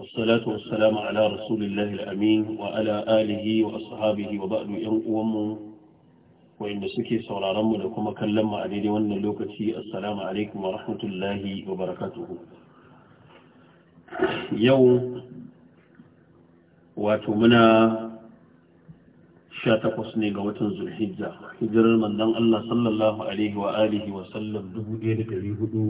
والصلاة والسلام على رسول الله الأمين وعلى آله وأصحابه وبعد يوم وإن سكي صلى رم لكم كلم عليه وأن لوكتي السلام عليكم ورحمة الله وبركاته يوم واتمنى sha takwas ne ga watan zulhijja hijirar manzon Allah sallallahu alaihi wa alihi wa sallam dubu ɗaya da ɗari hudu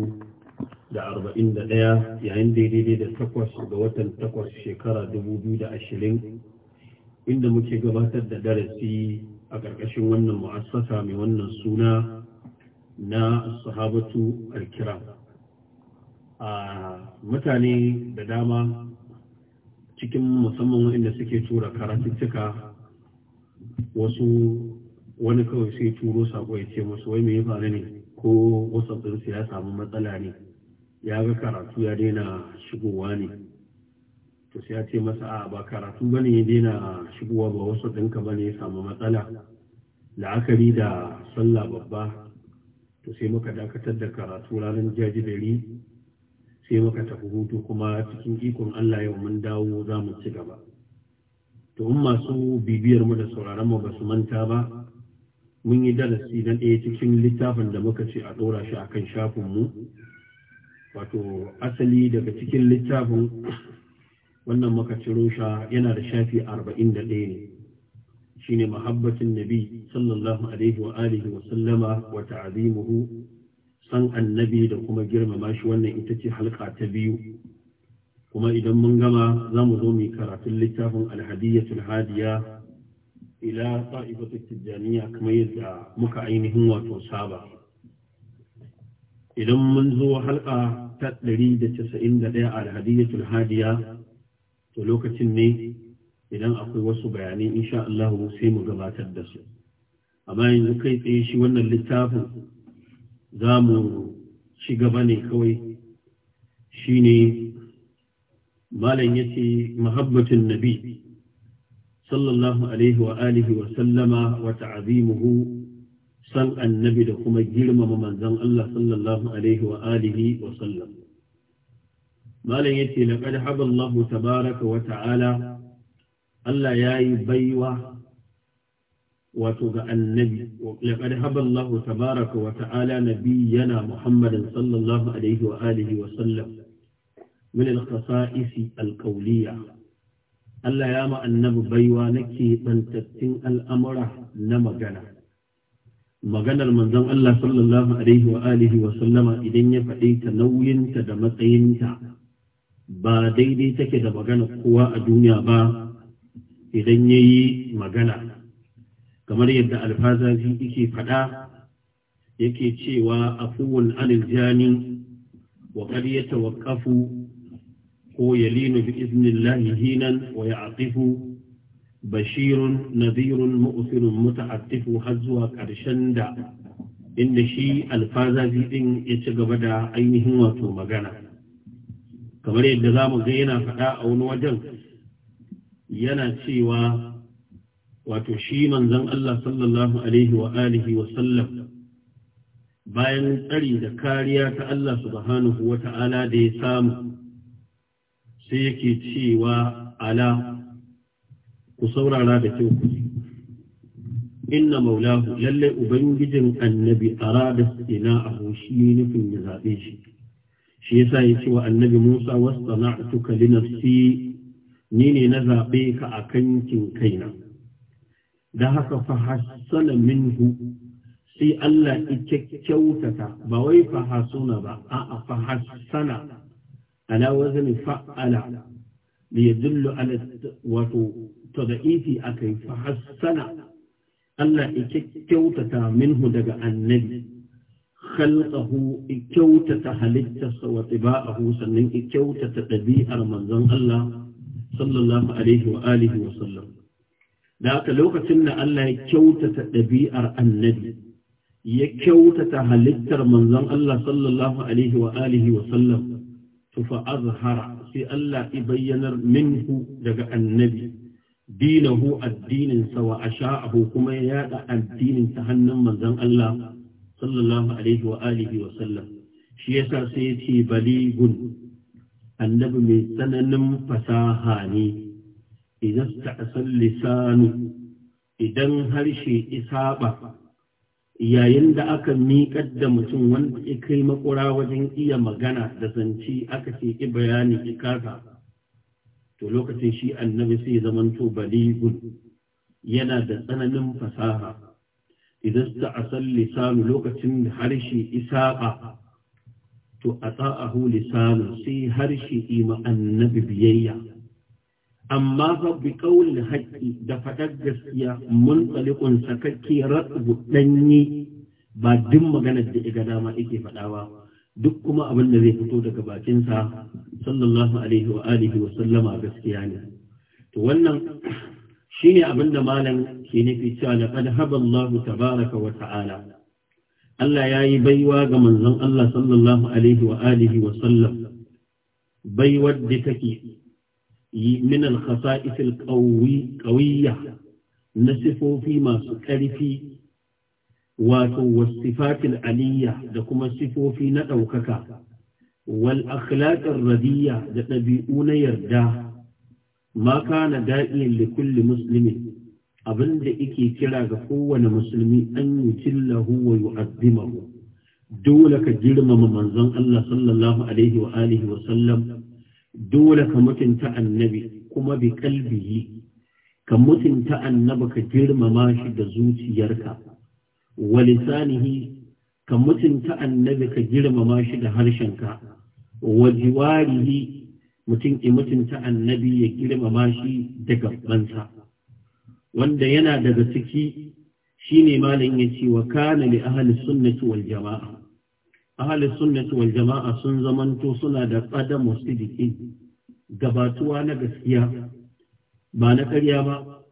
da arba'in da ɗaya yayin daidai da takwas ga watan takwas shekara dubu biyu da ashirin inda muke gabatar da darasi a ƙarƙashin wannan mu'assasa mai wannan suna na sahabatu alkira a mutane da dama cikin musamman waɗanda suke tura karatuttuka wasu wani kawai sai turo saƙo ya ce musu wai mai faru ne ko wasu ya samu matsala ne ya ga karatu ya daina shigowa ne to sai ya ce masa a ba karatu ba ne ya daina shigowa ba wasu ɗinka ba ne ya samu matsala la'akari da sallah babba to sai muka dakatar da karatu ranar jajibiri sai muka tafi hutu kuma cikin ikon Allah yau mun dawo za mu ci gaba to in masu bibiyar mu da sauraron mu ba su manta ba mun yi darasi na ɗaya cikin littafin da muka ce a ɗora shi akan shafin mu wato asali daga cikin littafin wannan makacirusha yana da shafi arba'in da ɗaya ne shine mahabbatin nabi sallallahu alaihi wa alihi wa sallama wa ta'azimuhu san annabi da kuma girmama shi wannan ita ce halka ta biyu kuma idan mun gama za mu zo mu karatun littafin alhadiyatul hadiya ila ta'ifatul tijjaniya kamar yadda muka ainihin wato saba idan mun zo halka ta 191 alhadiyatul hadiya to lokacin ne idan akwai wasu bayanai insha Allah sai mu gabatar da su amma yanzu kai tsaye shi wannan littafin za mu ci gaba ne kawai shine malam yace mahabbatun nabi sallallahu alaihi wa alihi wa sallama wa ta'azimuhu san annabi da kuma girmama manzon Allah sallallahu alaihi wa alihi wa sallam malam yace laqad haballahu tabaraka wa ta'ala Allah yayi baiwa wato ga annabi laqad haballahu tabaraka wa ta'ala nabiyyana muhammadan sallallahu alaihi wa alihi wa sallam min al-khasa'is al-qawliyah Allah ya ma annabi baiwa nake bantattun al'amura na magana maganar manzon Allah sallallahu alaihi wa alihi wa sallama idan ya faɗe ta nauyinta da matsayinta ba daidai take da magana kowa a duniya ba idan ya yi magana kamar yadda alfazazi yake faɗa yake cewa afuwun anil jani wa qad yatawaqqafu ko yalinu bi iznillahi hinan wa ya'qifu bashirun nadirun mu'sirun muta'attifu har zuwa ƙarshen da inda shi alfazazi din ya ci gaba da ainihin wato magana kamar yadda za mu ga yana faɗa a wani wajen yana cewa wato shi manzon Allah sallallahu bayan tsari da kariya ta Allah subhanahu wa da ya samu sai yake cewa ala ku saurara da kyau ku ji inna maulahu lallai ubangijin annabi arada a shi nufin ya zaɓe shi shi yasa ya ce wa annabi Musa wasana'tuka li nafsi ni ne na zaɓe ka a kin kaina da haka fa hasala minhu sai Allah ya kyautata ba wai fa hasuna ba a'a fa hasana ala wazni fa'ala li yadullu ala wato tadaifi akai fa hassana Allah ya kyautata minhu daga annabi khalqahu kyautata halittarsa wa tiba'ahu sannan kyautata ɗabi'ar manzon Allah sallallahu alaihi wa wa sallam da haka lokacin da Allah ya kyautata ɗabi'ar annabi ya kyautata halittar manzon Allah sallallahu alaihi wa alihi wa sallam to fa azhara sai Allah ya bayyanar minhu daga annabi dinahu addinin sa wa asha'ahu kuma ya yada addinin ta hannun manzon Allah sallallahu alaihi wa alihi wa sallam shi yasa sai ya baligun annabi mai tsananin fasaha ne idan ta lisanu idan harshe isaba yayin da aka miƙar da mutum wanda ya kai makura wajen iya magana da zanci aka ce ki bayani ki kasa to lokacin shi annabi sai zamanto baligun yana da tsananin fasaha idan ta asal lisanu lokacin da harshe isaƙa to a tsa'ahu lisanu sai harshe ima annabi biyayya amma fa bi qawli da faɗar gaskiya mun tsalikun sakakke ratbu danyi ba duk maganar da iga dama yake faɗawa. duk kuma abin da zai fito daga bakinsa sallallahu alaihi wa alihi wa sallama gaskiya ne to wannan shine abin da malam ke nufi cewa laqad haballahu tabaraka wa ta'ala Allah yayi baiwa ga manzon Allah sallallahu alaihi wa alihi wa sallam baiwar da take من الخصائص القوي قوية نصفه فيما سكرفي والصفات العلية لكم صفه في نتوكك والأخلاق الردية لتبيئون يرداه ما كان دائيا لكل مسلم abin da yake kira ga kowane musulmi an yi killahu wa yu'azzimahu dole ka girmama manzon Allah sallallahu dole ka mutunta annabi kuma bi kalbihi ka mutunta annabi ka girmama shi da zuciyarka wa lisanihi ka mutunta annabi ka girmama shi da harshenka wa jiwarihi mutum ki mutunta annabi ya girmama shi da gabansa wanda yana daga ciki shine malam yace wa kana li ahli sunnati wal jama'a ahalin sunnati wal jama'a sun zamanto suna da qadamu sidiki gabatuwa na gaskiya ba na ƙarya ba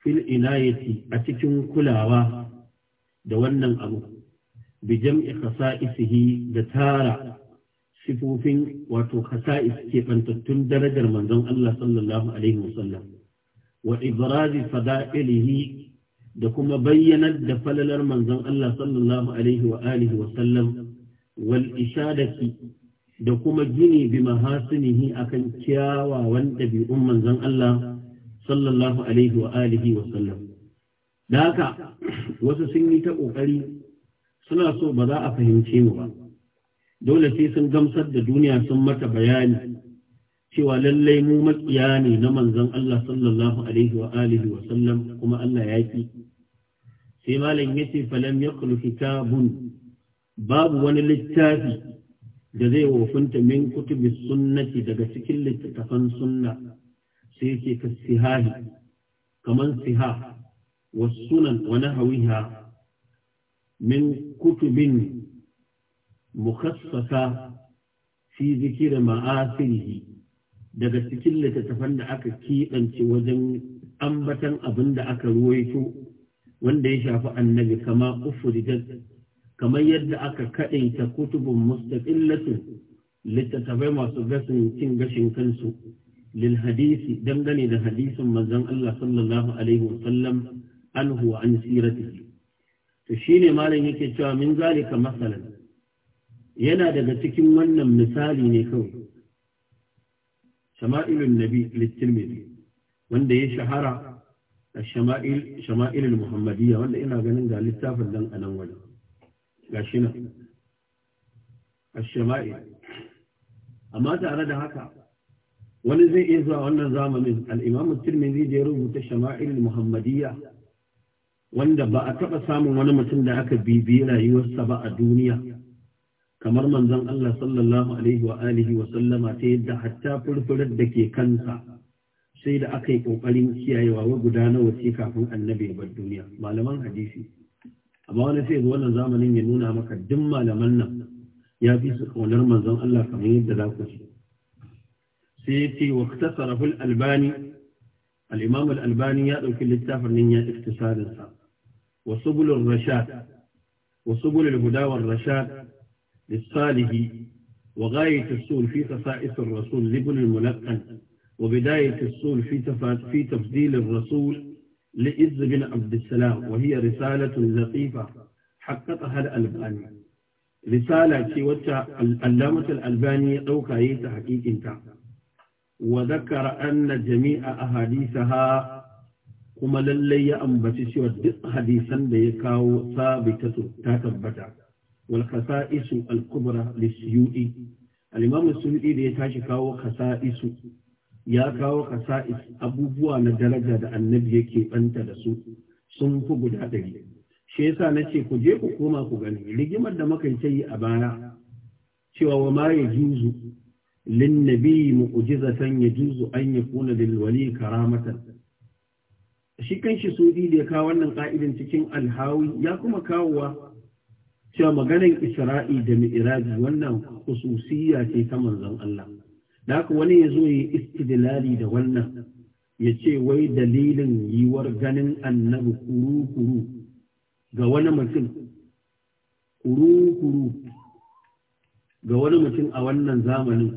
fil inayati a cikin kulawa da wannan abu bi jam'i khasa'isihi da tara sifofin wato khasa'is ke fantattun darajar manzon Allah sallallahu alaihi wasallam wa ibrazi fada'ilihi da kuma bayyanar da falalar manzon Allah sallallahu alaihi wa alihi wa sallam wal ishadati da kuma gini bi mahasinihi akan kyawawan ɗabi'un manzon Allah sallallahu alaihi wa alihi wa sallam da haka wasu sun yi ta ƙoƙari suna so ba za a fahimce mu ba dole sai sun gamsar da duniya sun mata bayani cewa lallai mu makiya ne na manzon Allah sallallahu alaihi wa alihi wa sallam kuma Allah ya ki sai malam yace falam yaqulu kitabun babu wani littafi da zai wofinta min kutubi sunnati daga cikin littattafan sunna sai yake ka kaman siha wa sunan wa nahawiha min kutubin mukhassasa fi zikir ma'asirihi daga cikin littattafan da aka keɓance wajen ambatan abin da aka ruwaito wanda ya shafi annabi kama ufuridat kamar yadda aka kaɗaita kutubun mustaqillatin littattafai masu gasin cin gashin kansu lil hadisi dangane da hadisin manzon Allah sallallahu alaihi sallam, anhu wa an siratihi to shine malam yake cewa min zalika masalan yana daga cikin wannan misali ne kawai shama'ilun nabi littirmidhi wanda ya shahara a shama'il muhammadiyya wanda ina ganin ga littafin dan anan wajen gashi nan ash-shama'il amma tare da haka wani zai iya zuwa wannan zamanin al-imam at da ya rubuta Shama'ilin muhammadiyya wanda ba a taɓa samun wani mutum da aka bibiyi rayuwarsa ba a duniya kamar manzon Allah sallallahu alaihi wa alihi wa sallama ta yadda hatta furfurar da ke kansa sai da aka yi ƙoƙarin kiyayewa wa guda nawa ce kafin annabi ya bar duniya malaman hadisi amma wani sai wannan zamanin ya nuna maka duk malaman nan ya fi su kaunar manzon Allah kamar yadda za ku ci sai ya ce wa tasarafu albani al-imam al-albani ya dauki littafin nan ya iktisarin sa wa subulur rashad wa subulul huda rashad لصاله وغاية السول في تفائس الرسول لابن الملقن وبداية السول في في تفضيل الرسول لإز بن عبد السلام وهي رسالة لطيفة حققها الألباني رسالة وتع علامة الألباني أو كايت حقيق انت وذكر أن جميع أحاديثها كما للي ya ambaci cewa حديثا hadisan ثابتة ya wal khasa'isu al kubra lisuyu'i al da ya tashi kawo khasa'isu ya kawo khasa'is abubuwa na daraja da annabi yake banta da su sun fi guda ɗari shi na ce ku je ku koma ku gani rigimar da muka yi a baya cewa wa ma yajuzu lin nabi mu'jizatan yajuzu an yakuna lil wali karamatan shi kanshi sudi da ya kawo wannan ka'idan cikin alhawi ya kuma kawowa cewa maganin isra'i da mi'raji wannan khususiyya ce ta manzon Allah da haka wani ya zo yi istidlali da wannan ya ce wai dalilin yiwar ganin annabi kuru-kuru ga wani mutum kuru-kuru ga wani mutum a wannan zamanin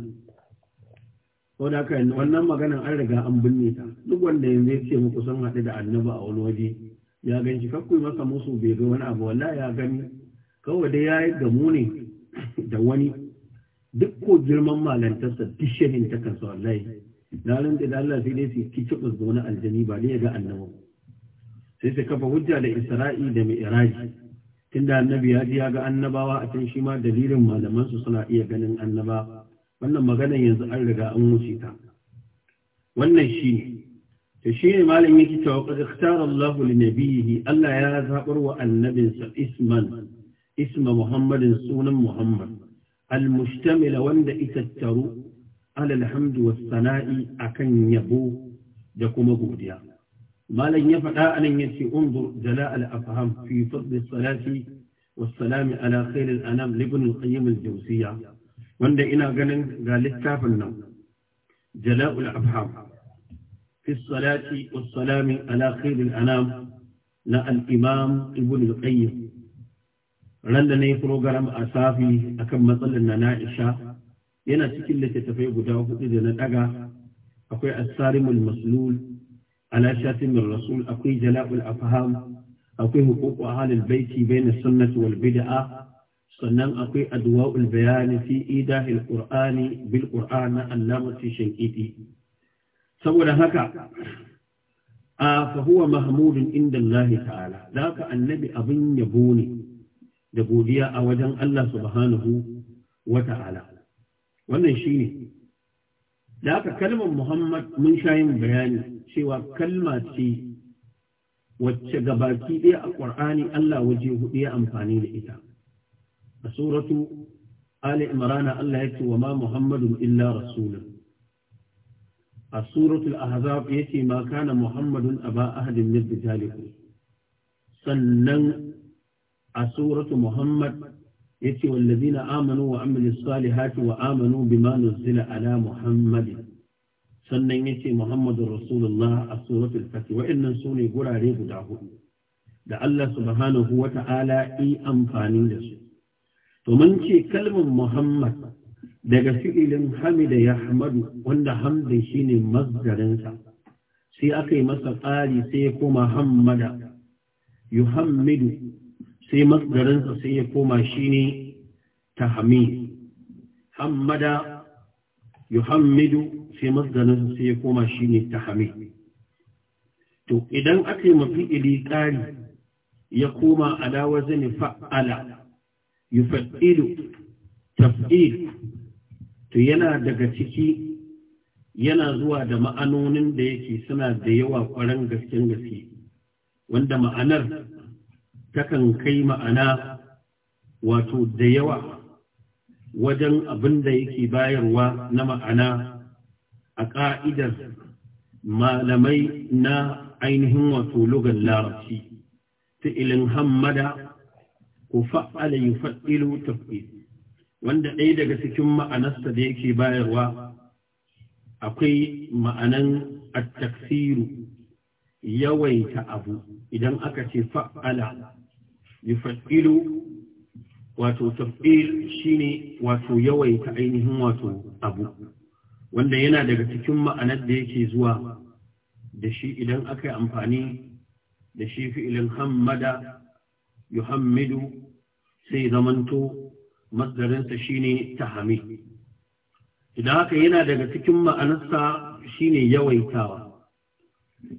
da haka wannan maganan an riga an binne ta duk wanda yanzu ya ce muku sun haɗu da annabi a wani waje ya gan shi kakkuyi masa musu bai ga wani abu wallahi ya gani kawai dai ya yi gamu ne da wani duk ko girman malantarsa duk shahin ta kansa wallahi na rinda da Allah sai dai su kici da wani aljani ba ne ga annabi sai su kafa hujja da isra'i da mi'raji tunda annabi ya ji ya ga annabawa a can shi ma dalilin malaman su suna iya ganin annaba wannan maganar yanzu an riga an wuce ta wannan shi ne to shi ne malam yake cewa qad ikhtara Allah li nabiyhi Allah ya zabar wa annabinsa isman اسم محمد سون محمد المشتمل وند إتتر على الحمد والثناء أكن يبو دكما غوديا ما لن يفعل آه، أن يأتي انظر جلاء الأفهام في فضل الصلاة والسلام على خير الأنام لابن القيم الجوزية وند إنا قنن قال جلاء الأفهام في الصلاة والسلام على خير الأنام لا الإمام ابن القيم ran da na yi program a safi akan matsalar na na'isha yana cikin littattafai guda hudu da na daga akwai asarimul maslul ala rasul akwai jala'ul afham akwai hukuku ahalul baiti bayna sunnati wal bid'a sannan akwai adwa'ul bayani fi idahil qur'ani bil qur'an na allamati shankiti saboda haka a fa huwa mahmudun inda Allah ta'ala da haka annabi abin yabo ne da godiya a wajen Allah subhanahu wa ta'ala wannan shine da aka kalmar Muhammad mun sha yin bayani cewa kalma ce wacce gabaki ɗaya a ƙwar'ani Allah waje hudu ya amfani da ita a suratu Ali imrana Allah ya ce wa ma Muhammadu illa rasulun a suratul Ahzab ya ce ma kana Muhammadun aba ahadin min sannan a suratu Muhammad yace wallazina amanu wa amilus salihati wa amanu bima nuzila ala muhammad sannan yace Muhammadu Rasulullah a Wa Fath wa'annan sune gurare guda hudu da Allah subhanahu wa ta'ala yi amfani da su to mun ce kalmar Muhammad daga fi'ilin Hamida ya Hamadu wanda hamdin shine masdarinsa sai aka yi masa tsari sai kuma Hammada yuhammidu sai masdarinsa sai ya koma shine hami. hammada yuhammidu sai masdarinsa sai ya koma shine hami. to idan aka yi mafi'ili ƙari ya koma ala wajen fa'ala fa'idu, taf'il to yana daga ciki yana zuwa da ma'anonin da yake suna da yawa kwarin gaske gaske wanda ma'anar takan kai ma'ana wato da yawa wajen abin da yake bayarwa na ma'ana a ƙa'idar malamai na ainihin wato lugan larabci fi'ilin hammada ku fa'ala yi fa'ilu wanda ɗaya daga cikin ma'anarsa da yake bayarwa akwai ma'anan at-taksiru yawaita abu idan aka ce fa'ala yufaddilu wato tafdil shine wato yawaita ainihin wato abu wanda yana daga cikin ma'anar da yake zuwa da shi idan aka yi amfani da shi fi'ilin hammada yuhammidu sai zamanto masdarinsa shine tahami idan haka yana daga cikin ma'anarsa shine yawaitawa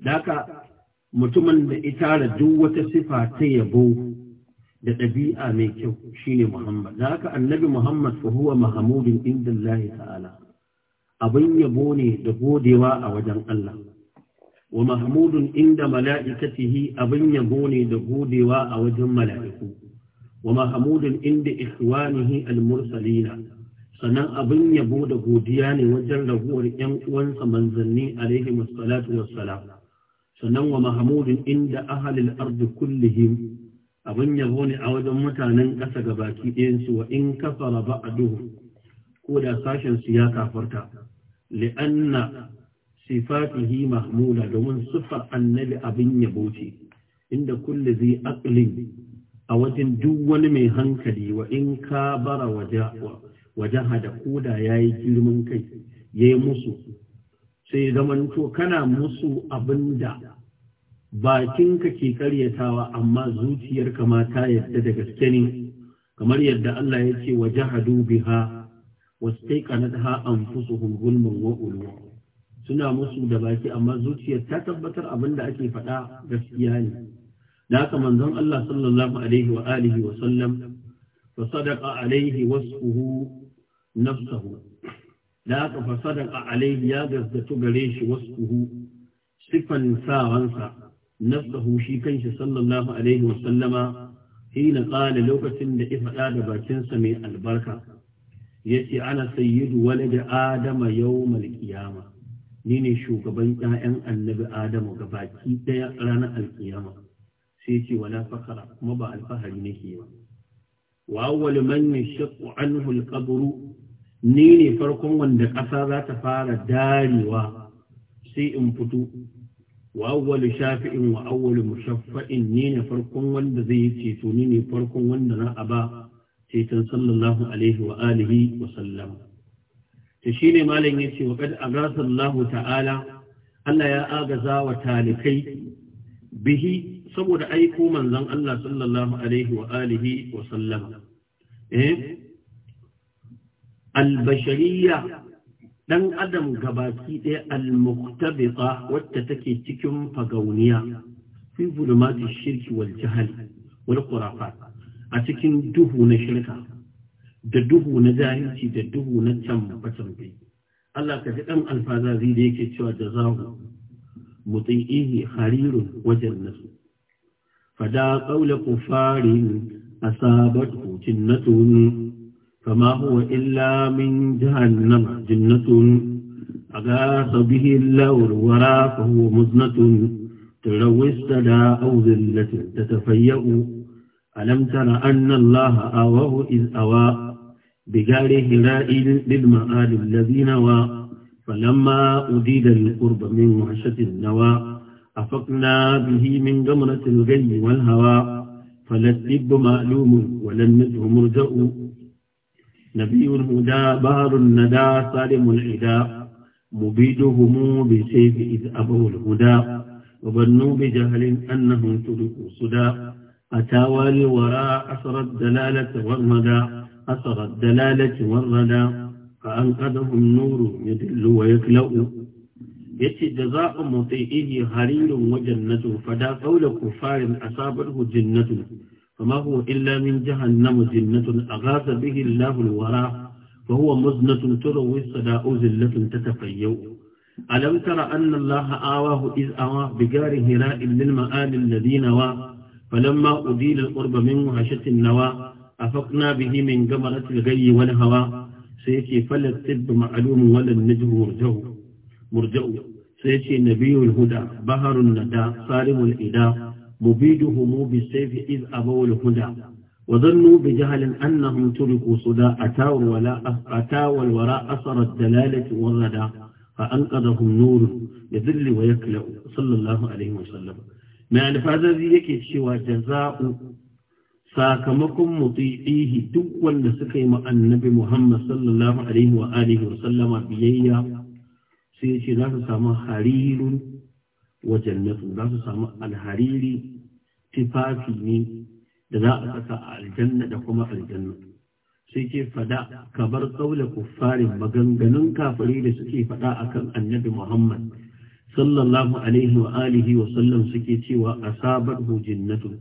haka mutumin da ita da duk wata sifa ta yabo da ɗabi'a mai kyau shine Muhammad da haka annabi Muhammad fa huwa mahmudun inda Allah ta'ala abin yabo ne da godewa a wajen Allah wa mahmudun inda mala'ikatihi abin yabo ne da godewa a wajen mala'iku wa mahmudun inda ikhwanihi al-mursalina sannan abin yabo da godiya ne wajen raguwar ‘yan uwansa manzanni alaihi salatu wassalam sannan wa mahamudin inda ahalil ardi kullihim abin yabo ne a wajen mutanen ƙasa ga baki ɗayansu wa in kafara duhu ko da sashen su ya kafarta li'anna sifatihi mahmula domin siffar annabi abin yabo ce inda kulle zai aqlin a wajen duk wani mai hankali wa in ka bara hada ko da ya yi girman kai ya yi musu sai zamanto kana musu abin da. bakinka ke karyatawa amma zuciyarka ma ta yadda da gaske ne kamar yadda Allah ya ce wa jahadu biha wastaiqanatha anfusuhum zulman wa ulwa suna musu da baki amma zuciyar ta tabbatar abin da ake faɗa gaskiya ne da haka manzon Allah sallallahu alaihi wa alihi wa sallam fa sadaqa alaihi wasfuhu nafsuhu da haka fa sadaqa alaihi ya gazzatu gare shi wasfuhu sifan sawansa nafsahu shi kanshi sallallahu alaihi wasallama hina qala lokacin da ifada da bakinsa mai albarka yace ana sayyidu walad adama yawmal qiyama ni ne shugaban ƴaƴan annabi adamu baki ɗaya ranar alkiyama sai ce wala fakara kuma ba alfahari nake ba wa awwal man yashaqqu anhu alqabr ni ne farkon wanda ƙasa za ta fara darewa sai in fito wa shafi'in wa awwalu mushaffa'in ni ne farkon wanda zai yi ceto ni ne farkon wanda za a ba ceton sallallahu alaihi wa alihi wa sallam to malam ya ce qad agasa Allah ta'ala Allah ya agaza wa talikai bihi saboda aiko manzon Allah sallallahu alaihi wa eh dan adam gabaki ɗaya al-muqtabita wacce take cikin fagauniya fi zulumati shirki wal jahl wal a cikin duhu na shirka da duhu na jahilci da duhu na canfa canfe Allah ka ji dan alfazazi da yake cewa da jazahu ihi harirun wajen nasu fada qawla kufarin asabat jinnatun فما هو إلا من جهنم جنة أغاث به الله الورى فهو مزنة تلو استدى أو ذلة تتفيأ ألم تر أن الله آواه إذ أوى بجار هراء للمآل الذي نوى فلما أديد القرب من وحشة النوى أفقنا به من جمرة الغي والهوى فلا الدب معلوم ولا النجم مرجأ نبي الهدى بار الندى سالم العداء مبيدهم بسيف إذ أبوا الهدى وظنوا بجهل أنهم تركوا صدى أتى وراء أثر الدلالة والردى أثر الدلالة والردى فأنقذهم نور يدل ويكلأ yace جزاء مطيئه حرير وجنة فدا قول كفار fada جنة فما هو إلا من جهنم زنة أغاث به الله الورى فهو مزنة تروي الصداء زلة تتقيو ألم تر أن الله آواه إذ آواه بجار هراء للمآل الذي نوى فلما أديل القرب من وحشة النوى أفقنا به من جمرة الغي والهوى سيكي فلا الطب معلوم ولا النجم مرجو مرجو سيكي نبي الهدى بهر الندى صارم الإله مبيدهم بالسيف إذ أبوا الهدى وظنوا بجهل أنهم تركوا صدى أتاوا ولا أتاوا الوراء أثر الدلالة والردى فأنقذهم نور يذل ويكلأ صلى الله عليه وسلم ما ألف هذا ذي يكي شوى جزاء ساكمكم مطيعيه دوا لسكيم النبي محمد صلى الله عليه وآله وسلم بيئيا سيشي لا تسامى خليل wajen jannatu za su samu alhariri tifafi ne da za a saka a aljanna da kuma aljanna sai ke fada ka bar kaula kuffarin maganganun kafare da suke fada akan annabi muhammad sallallahu alaihi wa alihi wa sallam suke cewa asabar jinnatu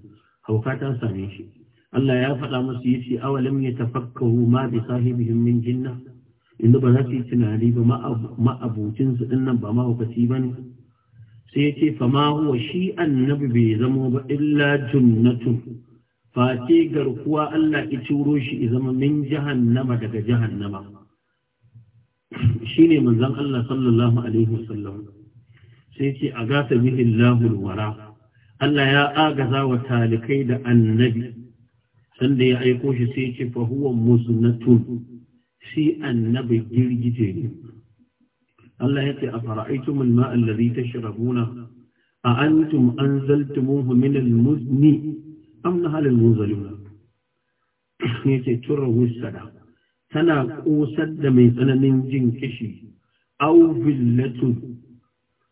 hauka ta same shi Allah ya faɗa musu ce awalam yatafakkaru ma bi sahibihim min jinna inda ba za su yi tunani ba ma'abucin su dinnan ba mahaukaci ne. sai ce fama huwa shi annabi bai zama ba illa junnatu fati garkuwa Allah ya turo shi ya zama min jahannama daga jahannama shine manzon Allah sallallahu alaihi wasallam sai ce a gasa Allahul wara Allah ya agaza wa talikai da annabi sanda ya aiko shi sai ce fa huwa muznatun shi annabi girgije ne Allah yake a ma'a allazi tashrabuna a antum anzaltumuhu min al-muzni am nahal al-munzaluna yake turahu sada tana kosar da mai tsananin jin kishi aw billatu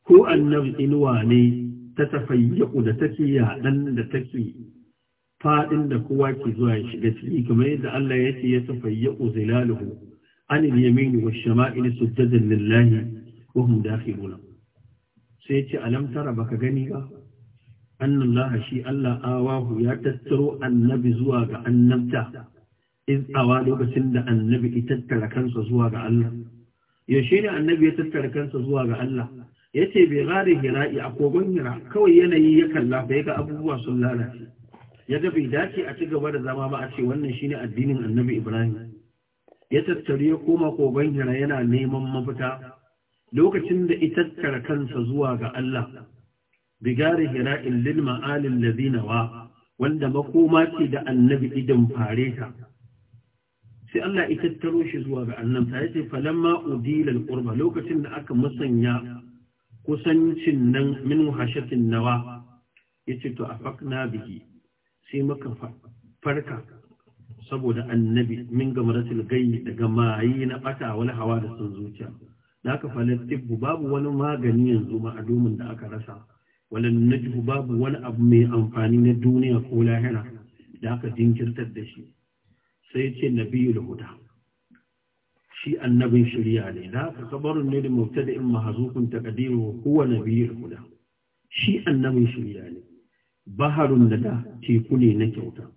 ko annabi inuwa ne ta tafayyaku da take yaɗan da take faɗin da kowa ke zuwa ya shiga ciki kamar yadda Allah ya ce ya tafayyaku zilaluhu an al-yamin wa shama'il sujadan lillahi wa hum dakhiluna sai yace alam tara baka gani ba annallaha shi Allah awahu ya tattaro annabi zuwa ga annabta iz awa lokacin da annabi ya tattara kansa zuwa ga Allah yaushe ne annabi ya tattara kansa zuwa ga Allah yace bai gare hira'i a kogon hira kawai yanayi ya kalla bai ga abubuwa sun lalace ya ga bai dace a ci gaba da zama ba a ce wannan shine addinin annabi Ibrahim ya tattare ya koma kogon hira yana neman mafita lokacin da itattara kansa zuwa ga Allah bigari hira lil ma'alin ladina wa wanda makoma ce da annabi idan fare ta sai Allah ya tattaro shi zuwa ga annabi ta yace falamma udila alqurba lokacin da aka musanya kusancin nan min wahashatin nawa yace to afakna bihi sai muka farka saboda annabi min gamaratul gayyi daga mayi na bata wani hawa da sun zuciya da aka falar tibbu babu wani magani yanzu ma'adumin da aka rasa walan najhu babu wani abu mai amfani na duniya ko lahira da aka jinkirtar da shi sai ce nabiyul huda shi annabin shirya ne da aka kabarun ne da mubtada'in mahzufun taqdiru huwa nabiyul huda shi annabin shirya ne baharun da teku ne na kyauta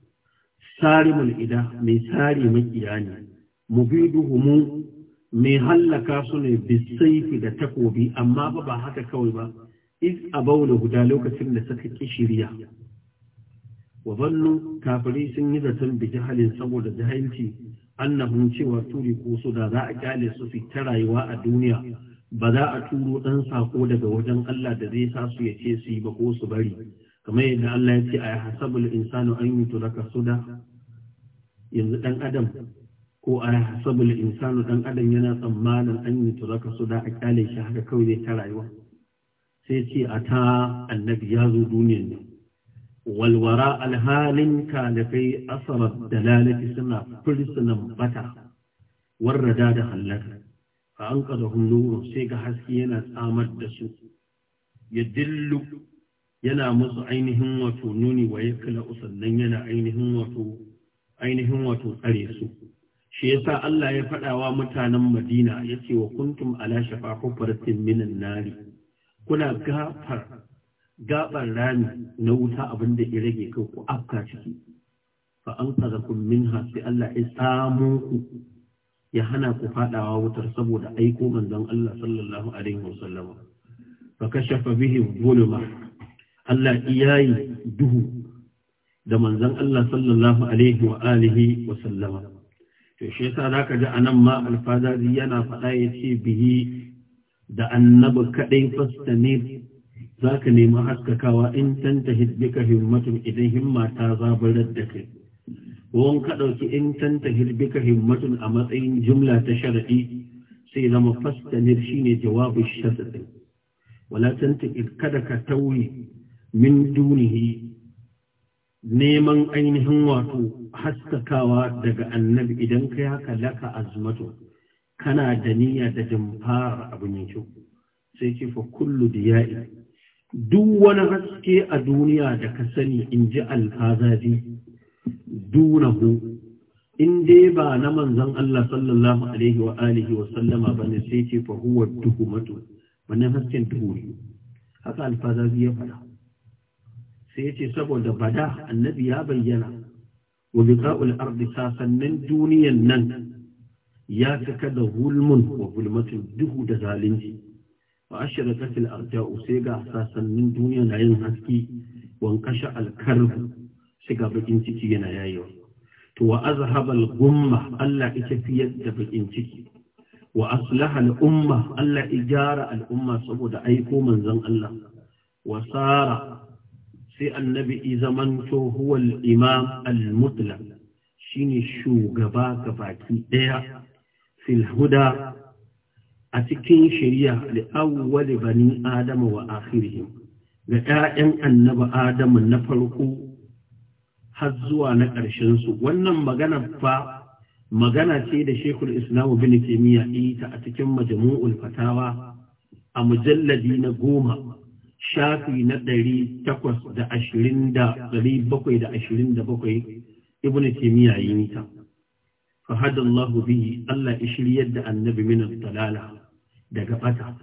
sarimul ida mai sari makiya ne mu mai hallaka su ne bisaifi da takobi amma ba ba haka kawai ba iz abau da guda lokacin da suka ki shirya wa zannu kafiri sun yi zaton bi jahalin saboda jahilci annahum cewa turi ko su da za a kyale su fita rayuwa a duniya ba za a turo ɗan sako daga wajen Allah da zai sa su ya ce su yi ba ko su bari kamar yadda Allah ya ce a hasabul insanu an yi turaka suda yanzu ɗan adam ko a hasabul insanu ɗan adam yana tsammanin an yi turaka suda a kyale shi haka kawai zai ta rayuwa sai ce a ta annabi ya zo duniya ne. walwara alhalin kai asarar dalalati suna fursunan bata warrada da hallaka fa an kaza sai ga haske yana tsamar da su ya dillu yana musu ainihin wato nuni wa yakla sannan yana ainihin wato ainihin wato tsare su shi yasa Allah ya faɗa wa mutanen Madina yace wa kuntum ala shafa hufratin minan nari kuna gafar gabar rami na wuta abinda ya rage kai ku afka ciki fa an kun minha sai Allah ya samu ku ya hana ku fadawa wutar saboda aiko manzon Allah sallallahu alaihi wasallama fa kashafa bihi zulma Allah iyayi duhu da manzon Allah sallallahu alaihi wa alihi wa sallama to shi yasa zaka ji anan ma alfazari yana faɗa yace bihi da annabi kadai za zaka nemi haskakawa in tantahid hirbika himmatun idan himma ta zabarar da kai wan ka ɗauki in tantahid hirbika himmatun a matsayin jumla ta sharadi sai zama fastanir shine jawabu shadd wala tantahid kada ka tauye min dunihi neman ainihin wato haskakawa daga annabi idan ka yi haka laka azmato kana da niyya da jamfar abu mai kyau sai ce fa kullu diya'i duk wani haske a duniya da ka sani in ji alfazaji dunahu in dai ba na manzon Allah sallallahu alaihi wa alihi wa sallama bane sai ce fa huwa duhumatu wannan hasken duhu haka alfazaji ya faɗa sai yace saboda bada annabi ya bayyana wa biqa'ul ardi sasannin duniyan nan ya cika da hulmun wa hulmatin duhu da zalunci wa ashira kasil arja'u sai ga sasannin duniya na yin haske wan kasha alkarbu shiga bakin ciki yana yayewa to wa azhabal gumma Allah ita fiyar da bakin ciki wa aslaha al-umma Allah ijara al-umma saboda aiko manzon Allah wa sara sai annabi izamanto huwal imam al shi shine shugaba gabaki baki ɗaya, huda a cikin shari'a li bani adama wa akhirihim ga 'ya'yan annabi adamu na farko har zuwa na ƙarshen su wannan magana fa magana ce da Sheikhul Islam Ibn Taymiyyah ita a cikin Majmu'ul Fatawa a mujalladi na goma shafi na ɗari takwas da ashirin da ɗari bakwai da ashirin da bakwai ibn taimiyya yi bihi Allah ya da annabi min dalala daga bata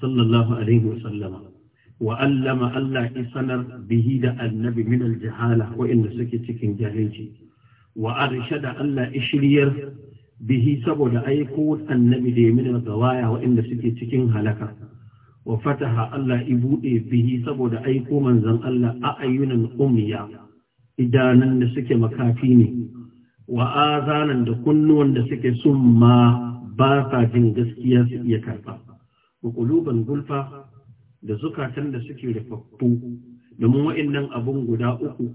sallallahu alaihi wa sallama wa Allah ya sanar bihi da annabi min aljahala wa'inda suke cikin jahilci wa arshada Allah ya shiryar bihi saboda aiko annabi da min algawaya suke cikin halaka wa fataha Allah i buɗe bihi saboda aiko manzan Allah a ayyunan umiya idanan da suke makafi ne wa azanan da kunnuwan da suke summa ba sa jin gaskiya su iya karɓa wa gulfa da zukatan da suke rufaffu domin wa'annan abun guda uku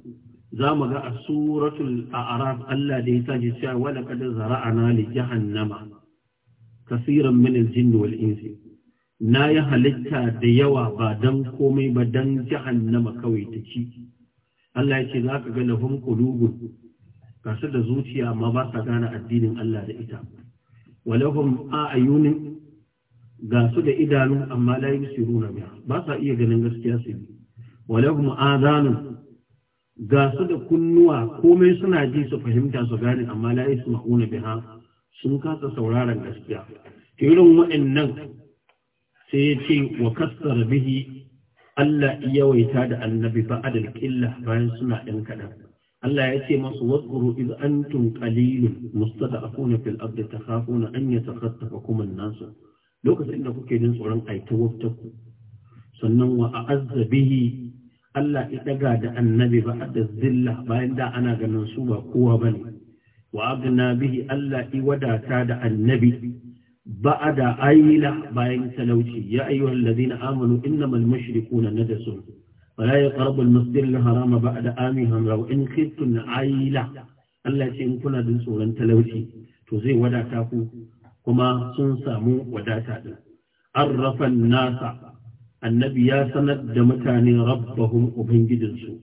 za mu ga a suratul a'raf Allah da ya taji cewa wala qad zara'ana li jahannama kaseeran min al-jinni wal insi na yi halitta da yawa ba don komai ba don jahannama kawai ta ci Allah ya ce za ka ga lahum Kulugun. kasu da zuciya amma ba sa gane addinin Allah da ita a a'yunin ga su da idanu amma la runa biya. ba sa iya ganin gaskiya su yi a zanun ga su da kunnuwa komai suna ji su fahimta su gane amma la ma'una biya. sun kasa sauraron gaskiya irin waɗannan sai ya ce wa kassara bihi Allah yawaita da annabi ba'adal killa bayan suna ɗan kaɗan Allah ya ce masu waskuru iz antum qalilun akuna fil ardi takhafuna an yatakhatafakum an-nasu lokacin da kuke jin tsoron aita ku. sannan wa a'azza bihi Allah ya daga da annabi ba'da zilla bayan da ana ganin su ba kowa bane wa agna bihi Allah ya wadata da annabi Ba'ada a bayan talauci ya ayyuhar lazina amanu inna mal mashri kuna na da su ba ya yi karbar masjid na harama ba a da ami hamrau in kristu na ayyila Allah ce in kuna din tsoron talauci to zai wadata ku kuma sun samu wadata din an rafa nasa annabi ya sanar da mutane rabbahun ubangijinsu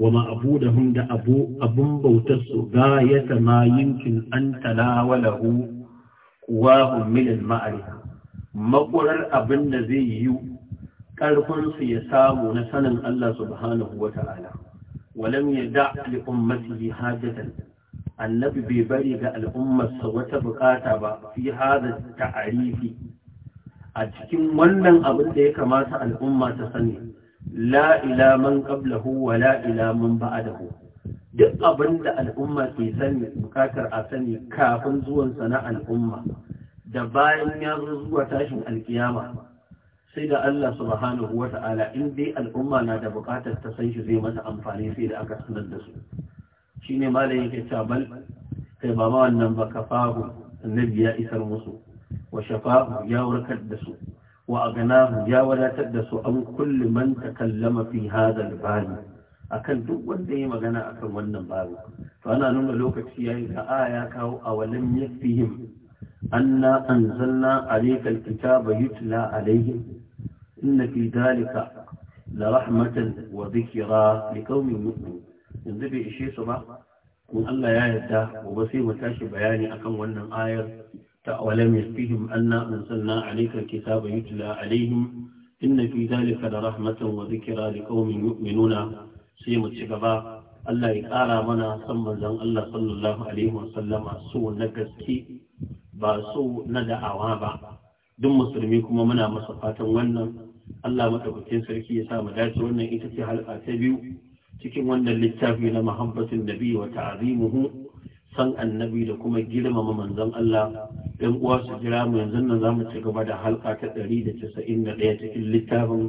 wa ma'abudahun da abun su gayata ma yankin an talawalahu lahu wahu min ma'arifa makurar abin da zai yi ƙarfinsu su ya samu na sanin Allah subhanahu wata'ala walam yada li yi hajjatar? annabi bai bari ga al'ummarsa wata bukata ba fi hada ta'arifi a cikin wannan abin da ya kamata al'umma ta sani la ila man qablahu wa la man ba'dahu duk abin da al'umma ke sani bukatar a sani kafin zuwansa na al'umma da bayan ya zo zuwa tashin alkiyama sai da Allah subhanahu wa ta'ala in dai al'umma na da bukatar ta san shi zai mata amfani sai da aka sanar da su shi ne ma da yake cabal kai ba ma wannan ba kafahu annabi ya isar musu wa shafa'u ya warkar da su wa aganahu ya wadatar da su an kulli man takallama fi hadha al akan duk wanda ya magana akan wannan babu to ana nuna lokaci yayi ka aya kawo a awalam yakfihim anna anzalna alayka alkitaba yutla alayhim inna fi dhalika la rahmatan wa dhikra liqaumin mu'minin yanzu bai ishe su ba kun Allah ya yarda gobe sai mu tashi bayani akan wannan ayar ta awalam yakfihim anna anzalna alayka alkitaba yutla alayhim inna fi dhalika la rahmatan wa dhikra liqaumin mu'minuna sai mu ci gaba Allah ya ƙara mana san manzon Allah sallallahu alaihi wasallama na gaske ba so na da'awa ba duk musulmi kuma muna masa fatan wannan Allah madaukakin sarki ya sa mu dace wannan ita ce halka ta biyu cikin wannan littafi na muhabbatin nabi wa ta'zimuhu san annabi da kuma girmama manzon Allah ɗan uwa su jira mu yanzu nan zamu ci gaba da halka ta 191 cikin littafin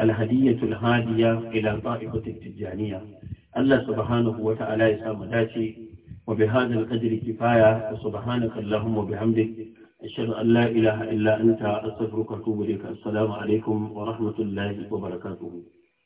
الهدية الهادية إلى طائفة التجانية الله سبحانه وتعالى يسام داتي وبهذا القدر كفاية وسبحانك اللهم وبحمدك أشهد أن لا إله إلا أنت أستغفرك وأتوب إليك السلام عليكم ورحمة الله وبركاته